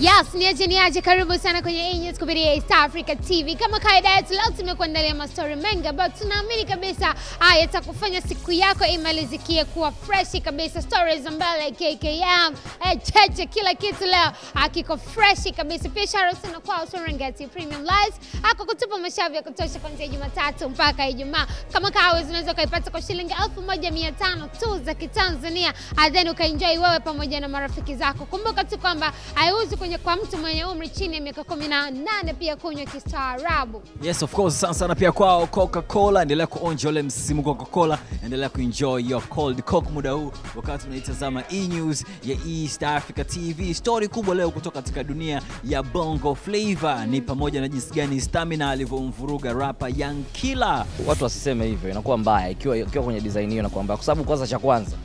Yes, ni aje ni aje, karibu sana kwenye Enyes kupitia East Africa TV. Kama kawaida yetu, leo tumekuandalia mastori mengi ambayo tunaamini kabisa ah, yatakufanya siku yako imalizikie kuwa fresh kabisa. Stories za mbele KKM, eh, cheche, kila kitu leo akiko ah, fresh kabisa. Pia shout out kwa Serengeti Premium Lights ako ah, kutupa mashavu ya kutosha kuanzia Jumatatu mpaka Ijumaa. Kama kawaida, unaweza ukaipata kwa shilingi 1500 tu za Kitanzania, then ukaenjoy wewe pamoja na marafiki zako. Kumbuka tu kwamba haiuzi kunywa kwa mtu mwenye umri chini ya miaka 18 pia kunywa kistaarabu. Yes, of course. Sana sana pia kwao Coca-Cola, endelea kuonja ule msimu wa Coca-Cola, endelea kuenjoy your cold coke muda huu wakati unaitazama E News ya East Africa TV. Story kubwa leo kutoka katika dunia ya Bongo Flava ni pamoja na jinsi gani Stamina alivyomvuruga rapa Young Killer. Watu wasiseme hivyo, inakuwa mbaya ikiwa ikiwa kwenye design hiyo inakuwa mbaya kwa sababu kwanza cha kwanza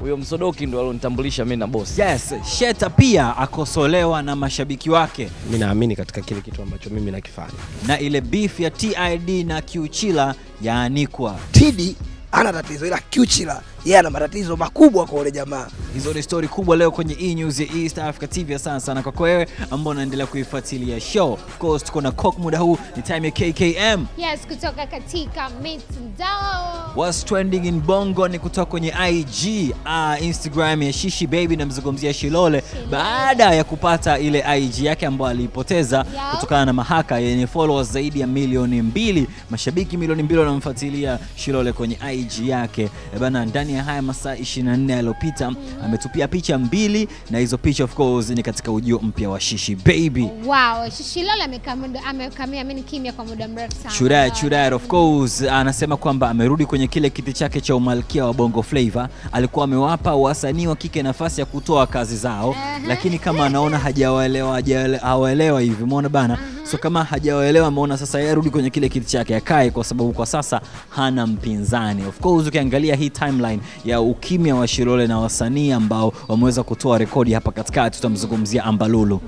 huyo msodoki ndo alonitambulisha mi na bosi. Yes, Sheta pia akosolewa na mashabiki wake. mi naamini katika kile kitu ambacho mimi nakifanya. Na ile beef ya TID na Kiuchila yaanikwa. TD ana tatizo ila Kiuchila yeye ana matatizo makubwa kwa ule jamaa. Hizo ni stori kubwa leo kwenye e news ya East Africa TV. Asante sana kwako wewe ambao unaendelea kuifuatilia show. Of course tuko na Cock muda huu, ni time ya KKM. Yes, kutoka katika mitandao. What's trending in Bongo ni kutoka kwenye IG, uh, ah, Instagram ya Shishi Baby, namzungumzia Shilole baada ya kupata ile IG yake ambayo aliipoteza yeah. kutokana na mahaka yenye followers zaidi ya milioni mbili. Mashabiki milioni mbili wanamfuatilia Shilole kwenye IG yake. E bana ndani ya haya masaa 24 yaliyopita ametupia picha mbili na hizo picha of course ni katika ujio mpya wa Shishi Baby. Wow, Shishi Lola amekamia mimi kimya kwa muda mrefu sana. Churaya Churaya of course anasema kwamba amerudi kwenye kile kiti chake cha umalkia wa Bongo Flava. Alikuwa amewapa wasanii wa kike nafasi ya kutoa kazi zao, uh -huh. lakini kama anaona hajawaelewa hawaelewa hivi, muone bana uh -huh So kama hajaoelewa ameona sasa yeye arudi kwenye kile kiti chake akae, kwa sababu kwa sasa hana mpinzani. Of course ukiangalia hii timeline ya ukimya wa Shilole na wasanii ambao wameweza kutoa rekodi hapa katikati, tutamzungumzia Ambalulu,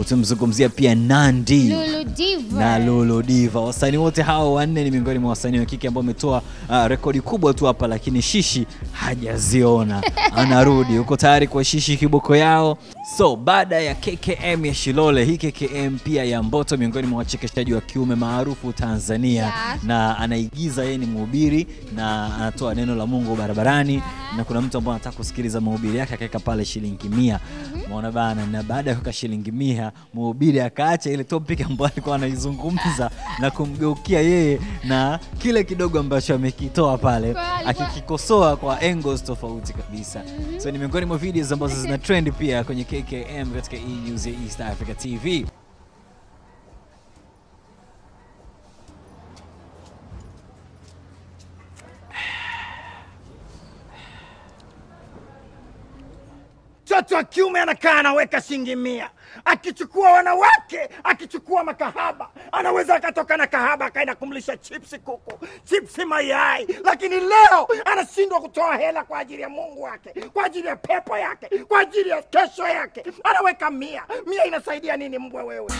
utamzungumzia pia Nandi Lulu Diva. na Lulu Diva. Wasanii wote hawa wanne ni miongoni mwa wasanii wa kike ambao wametoa uh, rekodi kubwa tu hapa, lakini Shishi hajaziona. Anarudi, uko tayari kwa Shishi kiboko yao? So baada ya KKM ya Shilole, hii KKM pia ya Mboto, miongoni mwa wachekeshaji wa kiume maarufu Tanzania yeah. na anaigiza, yeye ni mhubiri na anatoa neno la Mungu barabarani yeah. na kuna mtu ambaye anataka kusikiliza mahubiri yake, akaweka pale shilingi mia maona mm -hmm. bana, na baada ya kuweka shilingi mia mhubiri akaacha ile topic ambayo alikuwa anaizungumza na kumgeukia yeye na kile kidogo ambacho amekitoa pale, akikikosoa kwa angles tofauti kabisa. Mm-hmm. So ni miongoni mwa videos ambazo zina trend pia kwenye KKM katika EUZ e, East Africa TV. mtoto wa kiume anakaa anaweka shilingi mia, akichukua wanawake, akichukua makahaba anaweza akatoka na kahaba akaenda kumlisha chipsi kuku, chipsi mayai, lakini leo anashindwa kutoa hela kwa ajili ya Mungu wake, kwa ajili ya pepo yake, kwa ajili ya kesho yake. Anaweka mia mia, inasaidia nini mbwa wewe?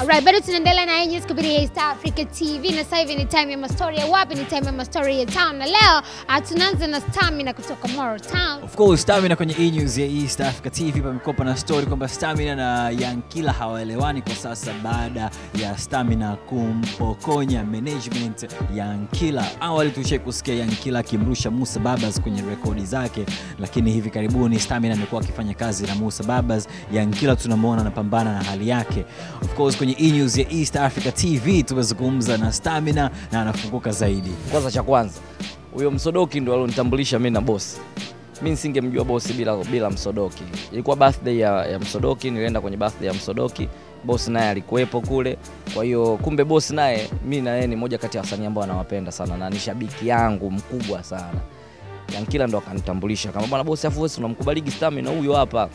Alright, bado tunaendelea na yenye kupitia East Africa TV na sasa hivi ni time ya mastori ya wapi, ni time ya mastori ya town, na leo tunaanza na Stamina kutoka Moro Town. Of course, Stamina kwenye e news ya East Africa TV pamekopa na story kwamba Stamina na Yankila hawaelewani kwa sasa baada ya Stamina kumpokonya management Yankila. Awali tulishe kusikia Yankila akimrusha Musa Babas kwenye rekodi zake, lakini hivi karibuni Stamina amekuwa akifanya kazi na Musa Babas. Yankila tunamwona anapambana na hali yake. Of course, kwenye kwenye e-news ya East Africa TV tumezungumza na Stamina na anafunguka zaidi. Kwanza cha kwanza, huyo Msodoki ndo alionitambulisha mimi na bosi Mimi nisingemjua bosi bila, bila Msodoki. Ilikuwa birthday ya, ya Msodoki, nilienda kwenye birthday ya Msodoki, bosi naye alikuwepo kule. Kwa hiyo kumbe bosi naye, mimi na yeye ni moja kati ya wasanii ambao anawapenda sana na ni shabiki yangu mkubwa sana. Yankila ndo akanitambulisha kama bwana bosi, afu wewe unamkubaliki Stamina huyo hapa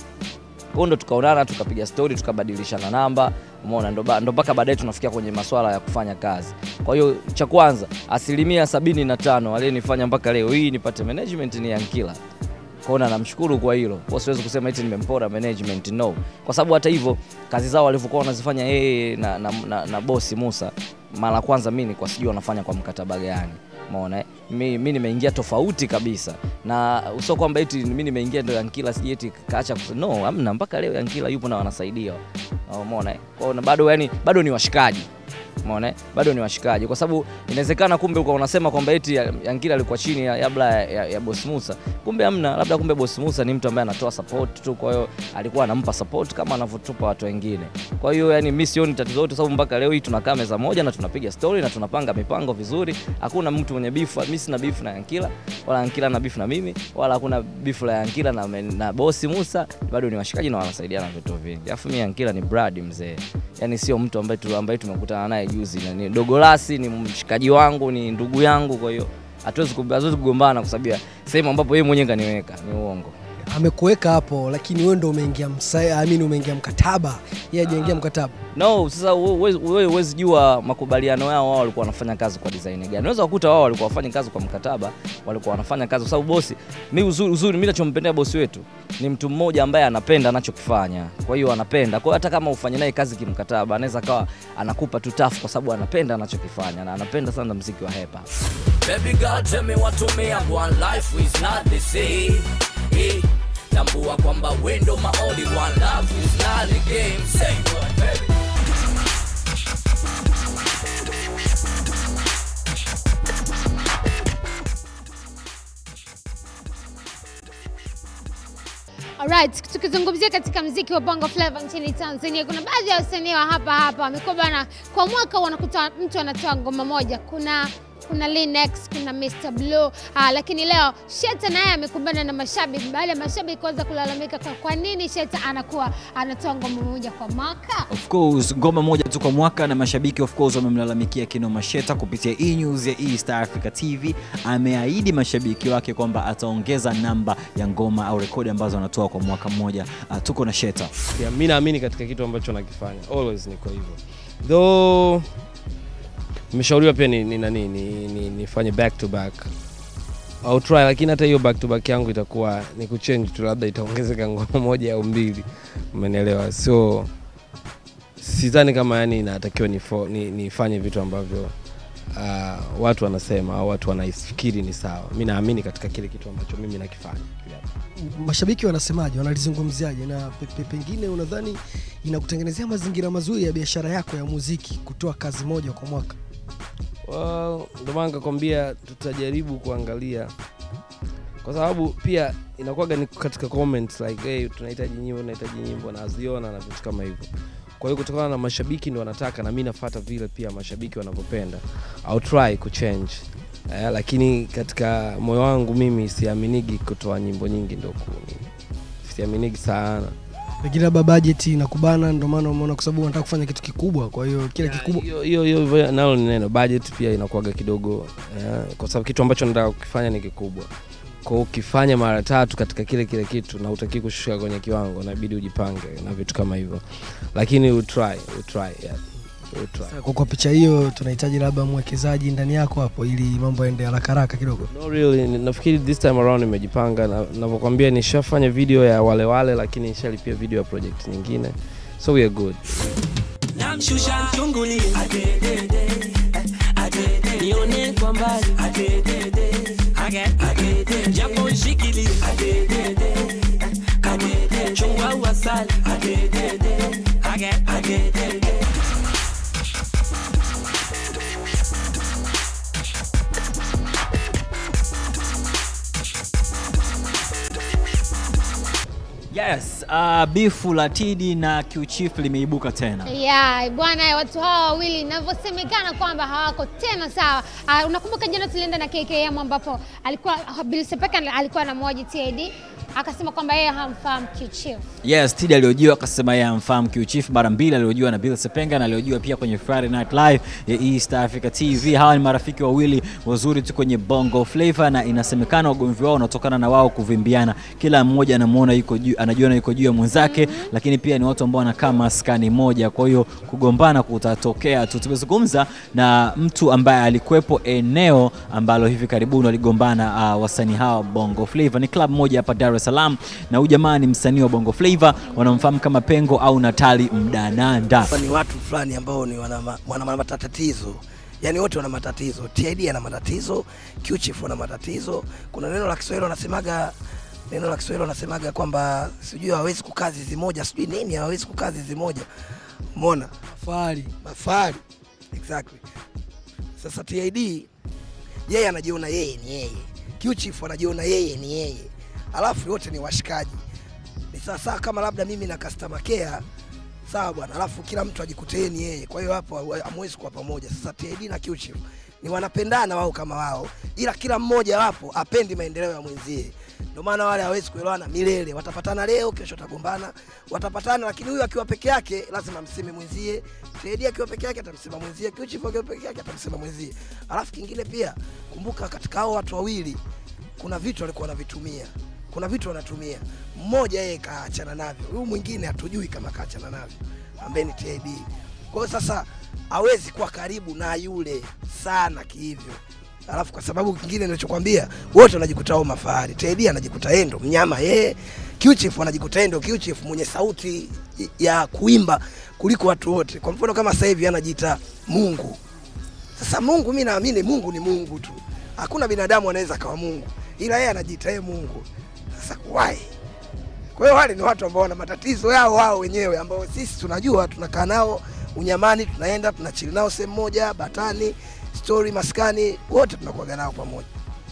kwao, ndo tukaonana, tukapiga story, tukabadilishana namba umeona, ndo mpaka baadaye tunafikia kwenye masuala ya kufanya kazi. Kwa hiyo cha kwanza, asilimia sabini na tano aliyenifanya mpaka leo hii nipate management ni Yankila kona namshukuru kwa hilo. Kwa siwezi kusema eti nimempora management no, kwa sababu hata hivyo kazi zao walivyokuwa wanazifanya yeye na, na, na, na bosi Musa, mara kwanza mimi nilikuwa sijui wanafanya kwa mkataba gani. Umeona, mimi nimeingia tofauti kabisa, na usio kwamba eti mimi nimeingia ndio Yankila sije eti kaacha, no, hamna. Mpaka leo Yankila yupo na wanasaidia, umeona. Kwa na bado yani, bado ni washikaji umeona eh? bado ni washikaji, kwa sababu inawezekana kumbe uko unasema kwamba eti yangira ya alikuwa chini ya, labda ya, ya, ya Boss Musa, kumbe amna labda kumbe Boss Musa ni mtu ambaye anatoa support tu, kwa hiyo alikuwa anampa support kama anavyotupa watu wengine. Kwa hiyo yani mimi sioni tatizo lote, sababu mpaka leo hii tunakaa meza moja na tunapiga story na tunapanga mipango vizuri. Hakuna mtu mwenye beef, mimi sina beef na yangira wala yangira na beef na mimi wala hakuna beef la yangira na, na Boss Musa, bado ni washikaji na wanasaidiana vitu vingi. afu mimi yangira ni brad mzee, yani sio mtu ambaye tu, ambaye tumekutana naye juzi, nani Dogolasi ni mshikaji wangu, ni ndugu yangu, kwa hiyo hatuwezi kugombana kwa sababu sehemu ambapo yeye mwenyewe kaniweka, ni uongo amekuweka hapo, lakini wewe ndo umeingia msa, I mean umeingia mkataba, yeye hajaingia ah. mkataba. No, sasa wewe huwezi jua makubaliano yao wao walikuwa wanafanya kazi kwa design gani. Unaweza kukuta wao walikuwa wafanya kazi kwa mkataba, walikuwa wanafanya kazi kwa sababu bosi, mimi uzuri, uzuri mimi nachompendea bosi wetu ni mtu mmoja ambaye anapenda anachokifanya, kwa hiyo anapenda. Kwa hiyo hata kama ufanye naye kazi kimkataba, anaweza kawa anakupa tu tafu kwa sababu anapenda anachokifanya na anapenda sana mziki wa hip Baby girl, tell me what to me, I'm one life is not the same. Yeah tambua kwamba wendo my only one love is not a game say baby Alright, tukizungumzia katika mziki wa Bongo Flava nchini Tanzania, kuna baadhi ya wasanii wa hapa hapa wamekuwa bana, kwa mwaka wanakuta mtu anatoa ngoma moja. Kuna kuna Linux, kuna Mr Blue. Aa, ah, lakini leo Sheta naye amekumbana na mashabiki baada ya mashabiki kuanza kulalamika kwa kwa nini Sheta anakuwa anatoa ngoma moja kwa mwaka. Of course ngoma moja tu kwa mwaka, na mashabiki of course wamemlalamikia kinoma. Sheta kupitia e news ya East Africa TV ameahidi mashabiki wake kwamba ataongeza namba ya ngoma au rekodi ambazo anatoa kwa mwaka mmoja. Uh, tuko na Sheta. Yeah, mimi naamini katika kitu ambacho nakifanya always, ni kwa hivyo though nimeshauriwa pia ni, ni, ni, ni, ni, nifanye back to back au try, lakini hata hiyo back to back yangu itakuwa ni kuchange tu, labda itaongezeka ngoma moja au mbili, umenielewa? So sidhani kama yani inatakiwa nifanye ni, ni vitu ambavyo uh, watu wanasema au watu wanaifikiri ni sawa. Mi naamini katika kile kitu ambacho mimi nakifanya. Mashabiki wanasemaje, wanalizungumziaje, na pe, pe, pengine unadhani inakutengenezea mazingira mazuri ya biashara yako ya muziki kutoa kazi moja kwa mwaka? Well, ndio maana nikakwambia tutajaribu kuangalia kwa sababu pia inakuwaga ni katika comments like hey, tunahitaji nyimbo tunahitaji nyimbo na aziona na vitu kama hivyo kwa hiyo kutokana na mashabiki ndio wanataka na mi nafata vile pia mashabiki wanavyopenda au try kuchange eh, lakini katika moyo wangu mimi siaminigi kutoa nyimbo nyingi ndo siaminigi sana pengine labda bajeti inakubana, ndio maana umeona, kwa sababu unataka kufanya kitu kikubwa, kwa hiyo kile kikubwa hiyo hiyo hiyo nalo ni neno budget pia inakuaga kidogo yeah, kwa sababu kitu ambacho nataka kukifanya ni kikubwa kwa ukifanya mara tatu katika kile kile kitu na utaki kushuka kwenye kiwango, inabidi ujipange na vitu kama hivyo, lakini utry, utry yeah. Kwa, kwa picha hiyo tunahitaji labda mwekezaji ndani yako hapo ili mambo yaende haraka haraka kidogo. No, really, nafikiri this time around nimejipanga, navyokwambia na nishafanya video ya wale wale, lakini nishalipia video ya project nyingine, so we are good. Namshusha mchungulie adedede adedede, nione kwa mbali adedede adedede, japo nshikilie adedede adedede, chungwa wasali adedede Yes, uh, bifu la Tidi na kiuchifu limeibuka tena. Yeah, bwana watu hawa wawili inavyosemekana kwamba hawako tena sawa. Uh, unakumbuka jana tulienda na KKM ambapo alikuwa Bill alikuwa na mwaji TID akasema kwamba yeye hamfahamu Q-Chief. Yes, Tidi aliojiwa akasema yeye hamfahamu Q-Chief mara mbili, aliojiwa na Bill Sepenga na aliojiwa pia kwenye Friday Night Live ya East Africa TV. Hawa ni marafiki wawili wazuri tu kwenye Bongo Flava, na inasemekana ugomvi wao unatokana na wao kuvimbiana, kila mmoja anamuona yuko juu, anajiona yuko juu ya mwenzake mm -hmm. Lakini pia ni watu ambao wanakaa maskani moja, kwa hiyo kugombana kutatokea tu. Tumezungumza na mtu ambaye alikuwepo eneo ambalo hivi karibuni waligombana uh, wasanii hawa Bongo Flava, ni club moja hapa Dar es Salaam, na huyu jamaa ni msanii wa Bongo Flava wanamfahamu kama Pengo au Natali Mdananda. Ni watu fulani ambao ni wana, wana matatizo yani wote wana matatizo. TID ana matatizo, Qchief ana matatizo. Kuna neno la Kiswahili wanasemaga neno la Kiswahili wanasemaga kwamba sijui hawezi kukaa zizi moja, sijui nini, hawezi kukaa zizi moja. Umeona? Mafari. Mafari. Exactly. Sasa TID yeye anajiona yeye ni yeye. Qchief anajiona yeye ni yeye alafu wote ni washikaji. Ni sawa sawa kama labda mimi na customer care sawa bwana, alafu kila mtu ajikuteni yeye. Kwa hiyo hapo hamwezi kuwa pamoja. Sasa TID na q ni wanapendana wao kama wao, ila kila mmoja wapo apendi maendeleo ya mwenzie. Ndio maana wale hawezi kuelewana milele, watapatana leo, kesho watagombana, watapatana. Lakini huyu akiwa peke yake lazima mseme mwenzie, TID akiwa peke yake atamsema mwenzie, q akiwa peke yake atamsema mwenzie. Alafu kingine pia, kumbuka katika hao watu wawili kuna vitu walikuwa wanavitumia kuna vitu wanatumia. Mmoja yeye kaachana navyo, huyu mwingine hatujui kama kaachana navyo, ambaye ni TID. Kwa hiyo sasa hawezi kuwa karibu na yule sana kihivyo. Alafu kwa sababu kingine ninachokwambia, wote wanajikuta wao mafahari. TID anajikuta yeye ndo mnyama yeye, Kiuchifu anajikuta yeye ndo Qchief mwenye sauti ya kuimba kuliko watu wote. Kwa mfano kama sasa hivi anajiita Mungu. Sasa Mungu, mimi naamini Mungu ni Mungu tu, hakuna binadamu anaweza kawa Mungu, ila yeye anajiita yeye Mungu. Sasa why? Kwa hiyo wale ni watu ambao wana matatizo yao wao wenyewe, ambao sisi tunajua, tunakaa nao unyamani, tunaenda tunachili nao sehemu moja, Batani, Stori, Maskani, wote tunakuaga nao pamoja.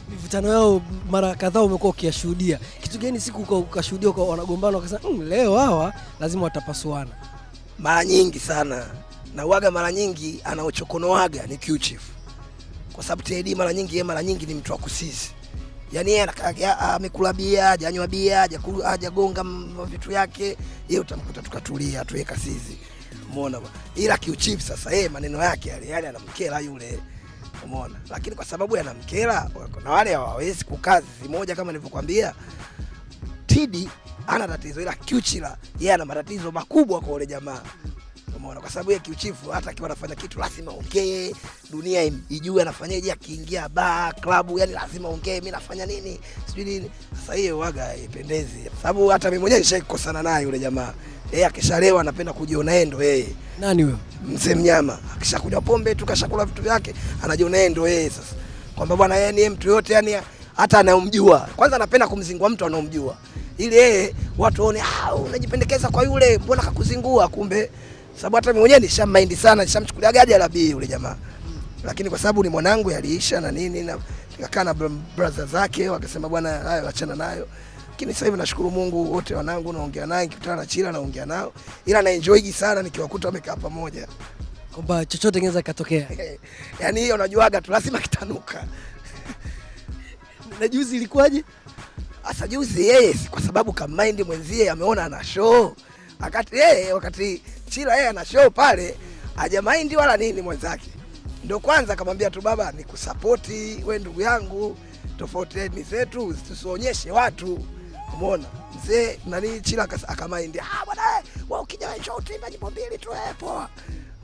Mivutano yao mara kadhaa umekuwa ukiyashuhudia. Kitu gani siku ukashuhudia uka wanagombana wakasema mm, leo hawa lazima watapasuana? Mara nyingi sana na uwaga, mara nyingi anaochokonoaga ni Q Chief, kwa sababu TID mara nyingi yeye mara nyingi ni mtu wa kusizi yani yeye ah, ah, amekula bia, hajanywa bia, hajagonga vitu yake, yeye utamkuta tukatulia tuweka sizi, umeona bwana. Ila kiuchip sasa, yeye maneno yake yale yale anamkera yule, umeona. Lakini kwa sababu yanamkera, na wale hawawezi kukaa zizi moja, kama nilivyokuambia Tidi ana tatizo, ila Kiuchila yeye ana matatizo makubwa kwa ule jamaa umeona, kwa sababu ya kiuchifu, hata akiwa anafanya kitu lazima ongee, dunia ijue anafanyaje, akiingia baa klabu, yani lazima ongee, okay, mi nafanya nini, sijui nini. Sasa hiyo waga ipendezi, kwa sababu hata mimi mwenyewe nishaikosana naye yule jamaa yeye akishalewa anapenda kujiona yeye ndo yeye. Nani huyo? Mzee Mnyama akishakunywa pombe tu kashakula vitu vyake anajiona yeye ndo yeye sasa, kwamba bwana yeye ni mtu yote, yani hata anayomjua kwanza anapenda kumzingua mtu anayomjua. ili yeye watu waone, ah, unajipendekeza kwa yule, mbona kakuzingua, kumbe sababu hata mimi mwenyewe nishammaindi sana, nishamchukulia gaja la bii yule jamaa, lakini kwa sababu ni mwanangu yaliisha na nini na nikakaa na brother zake wakasema, bwana, hayo achana nayo. Lakini sasa hivi nashukuru Mungu, wote wanangu naongea naye, nikikutana na Chila naongea nao, ila na naenjoyigi sana nikiwakuta wamekaa pamoja, kwamba chochote kinaweza kikatokea. yani hiyo unajuaga tu, lazima kitanuka. na juzi ilikuwaje? Sasa juzi yeye kwa sababu kama mind mwenzie ameona ana show akati yeye eh, wakati Chila yeye ana show pale hajamaindi wala nini mwenzake. Ndio kwanza akamwambia tu baba, ni nikusapoti we ndugu yangu, tofauti tofautieni zetu tusionyeshe watu. Umeona mzee nani Chila akamaindi, ah bwana wewe ukija wewe show tu nyimbo mbili tu eh, poa.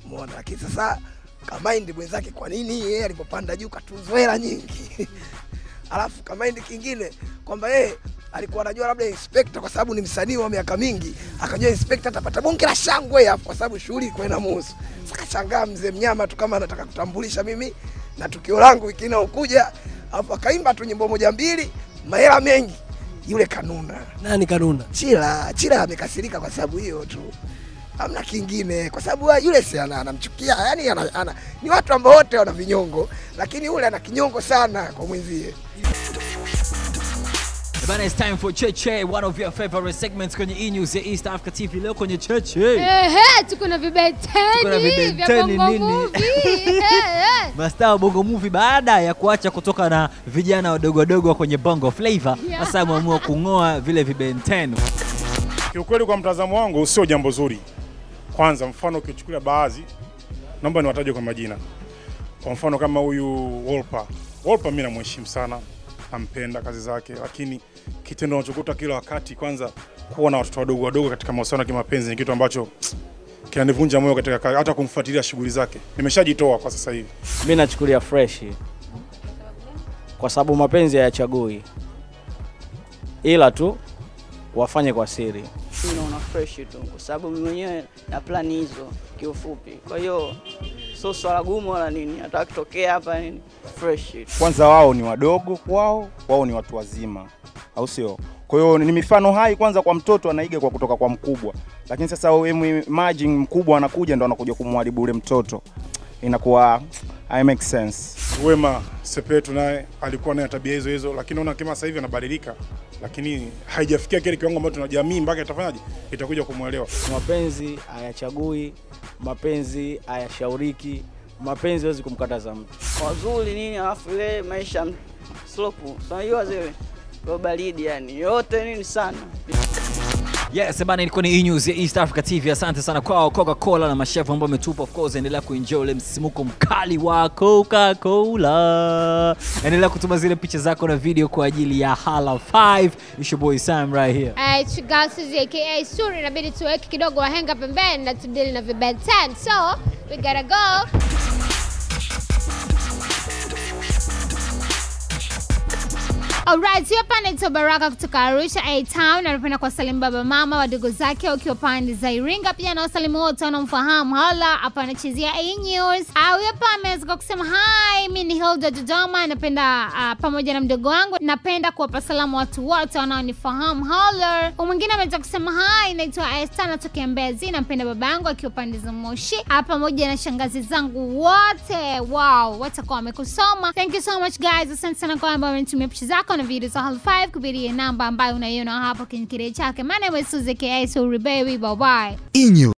Umeona, lakini sasa kamaindi mwenzake, kwa nini yeye alipopanda juu katuzwela nyingi alafu kamaindi kingine kwamba yeye eh, alikuwa anajua labda inspekta kwa sababu ni msanii wa miaka mingi, akajua inspekta atapata bonge la shangwe hapo kwa sababu shughuli ilikuwa inamuhusu. Sikashangaa mzee mnyama tu kama anataka kutambulisha mimi na tukio langu wiki inayokuja, Hapo akaimba tu nyimbo moja mbili, mahela mengi. Yule kanuna. Nani kanuna? Chila, Chila amekasirika kwa sababu hiyo tu amna kingine, kwa sababu yule si anamchukia, yani ana, ana, ni watu ambao wote wana vinyongo, lakini yule ana kinyongo sana kwa mwenzie. Bana, it's time for Cheche, one of your favorite segments kwenye e-news ya East Africa TV. Leo kwenye Cheche. Ehe, tuko na vibeteni vya vibeteni nini? Mastaa wa Bongo Movie baada ya kuacha kutoka na vijana wadogo wadogo kwenye Bongo Flavor, sasa yeah. ameamua kung'oa vile vibeteni. Kiukweli kwa mtazamo wangu sio jambo zuri. Kwanza mfano ukichukulia baadhi, naomba niwataje kwa majina. Kwa mfano kama huyu Wolper. Wolper mimi namheshimu sana ampenda kazi zake, lakini kitendo anachokuta kila wakati, kwanza kuwa na watoto wadogo wadogo katika mahusiano ya kimapenzi ni kitu ambacho kinanivunja moyo katika hata kumfuatilia shughuli zake. Nimeshajitoa kwa sasa hivi. mi nachukulia fresh kwa sababu mapenzi hayachagui, ila tu wafanye kwa siri. Naona fresh tu kwa sababu mwenyewe na plani hizo kiufupi, kwa hiyo so swala gumu wala nini, hata akitokea hapa nini fresh. Kwanza wao ni wadogo kwao, wao ni watu wazima, au sio? Kwa hiyo ni mifano hai kwanza kwa mtoto anaiga kwa kutoka kwa mkubwa, lakini sasa wewe imagine mkubwa anakuja ndo anakuja kumharibu ule mtoto inakuwa I make sense. Wema Sepetu naye alikuwa na tabia hizo hizo, lakini naona kama sasa hivi anabadilika, lakini haijafikia kile kiwango ambacho tunajamii mpaka itafanyaje, itakuja kumwelewa. Mapenzi hayachagui, mapenzi hayashauriki, mapenzi hawezi kumkataza mtu. Wazuri nini, alafu ile maisha slopu, unajua zile baridi, yani yote nini sana Yes, bana ilikuwa ni e-news ya East Africa TV. Asante sana kwao Coca-Cola na mashefu ambao wametupa. Of course, endelea kuenjoy ule msimuko mkali wa Coca-Cola. Endelea kutuma zile picha zako na video kwa ajili ya Hala 5. It's your boy Sam right here. Hey, eh, it's your girl Suzy aka Suri. Inabidi tuweke kidogo wahenga pembeni na tudili na vibad 10. So, we gotta go. Alright, hiyo hapa naitwa Baraka kutoka Arusha A Town. Anapenda kuwasalimu baba mama wadogo zake wakiwa pande za Iringa, pia na wasalimu wote wanaomfahamu. Hala hapa anachezea A News. Ah, Huyo hapa ameweza kusema hi, mi ni Hilda Dodoma, napenda uh, pamoja na mdogo wangu, napenda kuwapa salamu watu wote wanaonifahamu. Hola, mwingine ameweza kusema hi, naitwa Esther, natokea Mbezi, napenda baba yangu akiwa pande za Moshi ah, pamoja na shangazi zangu wote. Wow, watakuwa wamekusoma. Thank you so much guys, asante sana kwa ambao wamenitumia picha zako na video za Hal 5 kupitia namba ambayo unaiona hapo kwenye kidole chake. My name is Suzy ribey, bye bye. Inyo.